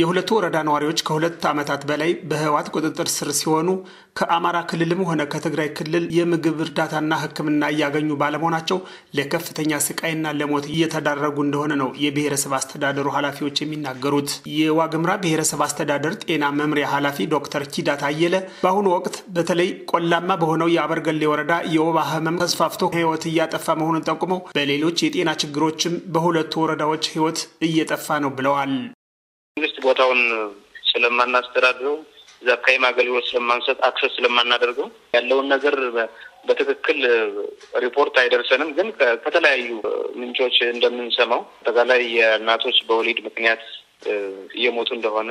የሁለቱ ወረዳ ነዋሪዎች ከሁለት ዓመታት በላይ በህወሓት ቁጥጥር ስር ሲሆኑ ከአማራ ክልልም ሆነ ከትግራይ ክልል የምግብ እርዳታና ሕክምና እያገኙ ባለመሆናቸው ለከፍተኛ ስቃይና ለሞት እየተዳረጉ እንደሆነ ነው የብሔረሰብ አስተዳደሩ ኃላፊዎች የሚናገሩት። የዋግምራ ብሔረሰብ አስተዳደር ጤና መምሪያ ኃላፊ ዶክተር ኪዳት አየለ በአሁኑ ወቅት በተለይ ቆላማ በሆነው የአበርገሌ ወረዳ የወባ ህመም ተስፋፍቶ ህይወት እያጠፋ መሆኑን ጠቁመው በሌሎች የጤና ችግሮችም በሁለቱ ወረዳዎች ህይወት እየጠፋ ነው ብለዋል። መንግስት ቦታውን ስለማናስተዳድረው እዛ አካባቢ አገልግሎት ስለማንሰጥ አክሰስ ስለማናደርገው ያለውን ነገር በትክክል ሪፖርት አይደርሰንም። ግን ከተለያዩ ምንጮች እንደምንሰማው አጠቃላይ የእናቶች በወሊድ ምክንያት እየሞቱ እንደሆነ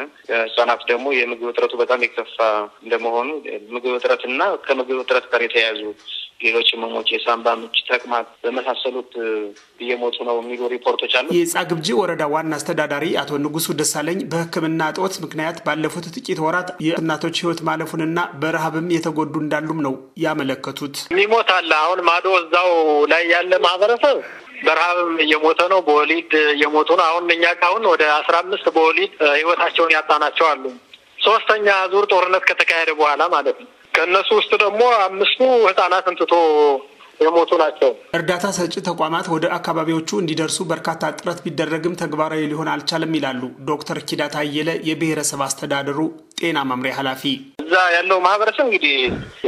ህጻናት ደግሞ የምግብ እጥረቱ በጣም የከፋ እንደመሆኑ ምግብ እጥረትና ከምግብ እጥረት ጋር የተያያዙ ሌሎች ህመሞች፣ የሳምባ ምች፣ ተቅማጥ በመሳሰሉት እየሞቱ ነው የሚሉ ሪፖርቶች አሉ። የጻግብጂ ወረዳ ዋና አስተዳዳሪ አቶ ንጉሱ ደሳለኝ በህክምና እጦት ምክንያት ባለፉት ጥቂት ወራት የእናቶች ህይወት ማለፉንና በረሃብም የተጎዱ እንዳሉም ነው ያመለከቱት። የሚሞት አለ። አሁን ማዶ እዛው ላይ ያለ ማህበረሰብ በረሃብ እየሞተ ነው። በወሊድ እየሞቱ ነው። አሁን እኛ ካሁን ወደ አስራ አምስት በወሊድ ህይወታቸውን ያጣናቸው አሉ። ሶስተኛ ዙር ጦርነት ከተካሄደ በኋላ ማለት ነው። ከእነሱ ውስጥ ደግሞ አምስቱ ህጻናትን ትቶ የሞቱ ናቸው። እርዳታ ሰጪ ተቋማት ወደ አካባቢዎቹ እንዲደርሱ በርካታ ጥረት ቢደረግም ተግባራዊ ሊሆን አልቻለም ይላሉ ዶክተር ኪዳታ አየለ የብሔረሰብ አስተዳደሩ ጤና መምሪያ ኃላፊ። እዛ ያለው ማህበረሰብ እንግዲህ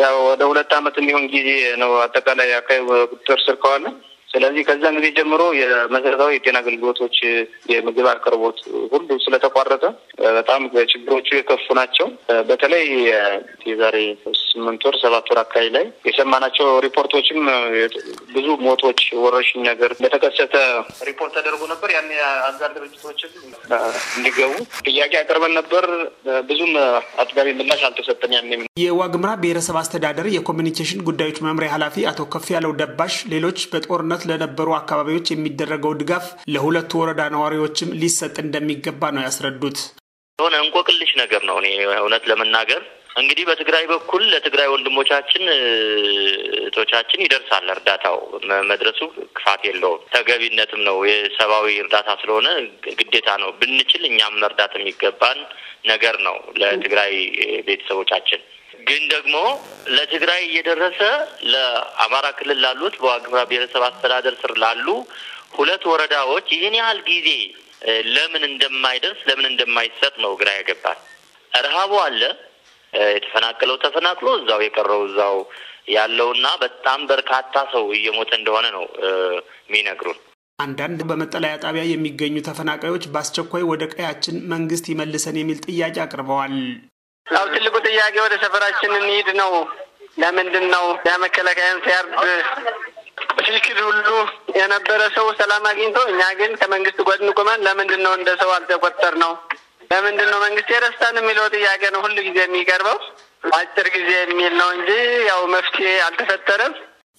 ያው ወደ ሁለት አመት የሚሆን ጊዜ ነው አጠቃላይ አካባቢ ቁጥጥር ስር ከዋለ። ስለዚህ ከዛን ጊዜ ጀምሮ የመሰረታዊ የጤና አገልግሎቶች፣ የምግብ አቅርቦት ሁሉ ስለተቋረጠ በጣም ችግሮቹ የከፉ ናቸው። በተለይ የዛሬ ስምንት ወር ሰባት ወር አካባቢ ላይ የሰማናቸው ሪፖርቶችም ብዙ ሞቶች ወረርሽኝ ነገር እንደተከሰተ ሪፖርት ተደርጎ ነበር። ያን አጋር ድርጅቶችም እንዲገቡ ጥያቄ አቅርበን ነበር። ብዙም አጥጋቢ ምላሽ አልተሰጠን። ያን የዋግምራ ብሔረሰብ አስተዳደር የኮሚኒኬሽን ጉዳዮች መምሪያ ኃላፊ አቶ ከፍ ያለው ደባሽ ሌሎች በጦርነት ለነበሩ አካባቢዎች የሚደረገው ድጋፍ ለሁለቱ ወረዳ ነዋሪዎችም ሊሰጥ እንደሚገባ ነው ያስረዱት። የሆነ እንቆቅልሽ ነገር ነው። እኔ እውነት ለመናገር እንግዲህ በትግራይ በኩል ለትግራይ ወንድሞቻችን እህቶቻችን ይደርሳል እርዳታው። መድረሱ ክፋት የለውም፣ ተገቢነትም ነው። የሰብአዊ እርዳታ ስለሆነ ግዴታ ነው። ብንችል እኛም መርዳት የሚገባን ነገር ነው ለትግራይ ቤተሰቦቻችን። ግን ደግሞ ለትግራይ እየደረሰ ለአማራ ክልል ላሉት በዋግምራ ብሔረሰብ አስተዳደር ስር ላሉ ሁለት ወረዳዎች ይህን ያህል ጊዜ ለምን እንደማይደርስ ለምን እንደማይሰጥ ነው ግራ ያገባል። ረሃቡ አለ የተፈናቀለው ተፈናቅሎ እዛው የቀረው እዛው ያለውና በጣም በርካታ ሰው እየሞተ እንደሆነ ነው የሚነግሩን። አንዳንድ በመጠለያ ጣቢያ የሚገኙ ተፈናቃዮች በአስቸኳይ ወደ ቀያችን መንግስት ይመልሰን የሚል ጥያቄ አቅርበዋል። ያው ትልቁ ጥያቄ ወደ ሰፈራችን እንሂድ ነው። ለምንድን ነው ለመከላከያን ሲያርድ ሲክድ ሁሉ የነበረ ሰው ሰላም አግኝቶ እኛ ግን ከመንግስት ጎድን ቁመን ለምንድን ነው እንደ ሰው አልተቆጠር ነው ለምንድን ነው መንግስት የረስታን የሚለው ጥያቄ ነው ሁሉ ጊዜ የሚቀርበው። አጭር ጊዜ የሚል ነው እንጂ ያው መፍትሄ አልተፈጠረም።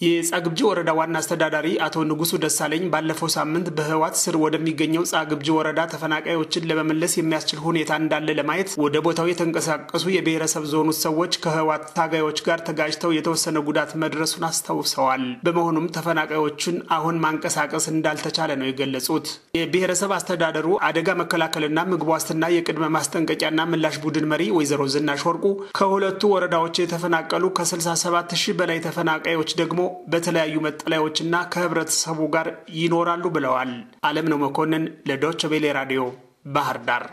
የጻግብጂ ወረዳ ዋና አስተዳዳሪ አቶ ንጉሱ ደሳለኝ ባለፈው ሳምንት በህዋት ስር ወደሚገኘው ጻግብጂ ወረዳ ተፈናቃዮችን ለመመለስ የሚያስችል ሁኔታ እንዳለ ለማየት ወደ ቦታው የተንቀሳቀሱ የብሔረሰብ ዞኑ ሰዎች ከህዋት ታጋዮች ጋር ተጋጅተው የተወሰነ ጉዳት መድረሱን አስታውሰዋል። በመሆኑም ተፈናቃዮቹን አሁን ማንቀሳቀስ እንዳልተቻለ ነው የገለጹት። የብሔረሰብ አስተዳደሩ አደጋ መከላከልና ምግብ ዋስትና የቅድመ ማስጠንቀቂያና ምላሽ ቡድን መሪ ወይዘሮ ዝናሽ ወርቁ ከሁለቱ ወረዳዎች የተፈናቀሉ ከ67 ሺህ በላይ ተፈናቃዮች ደግሞ በተለያዩ መጠለያዎችና ከህብረተሰቡ ጋር ይኖራሉ ብለዋል። አለም ነው መኮንን ለዶቸ ቤሌ ራዲዮ ባህር ዳር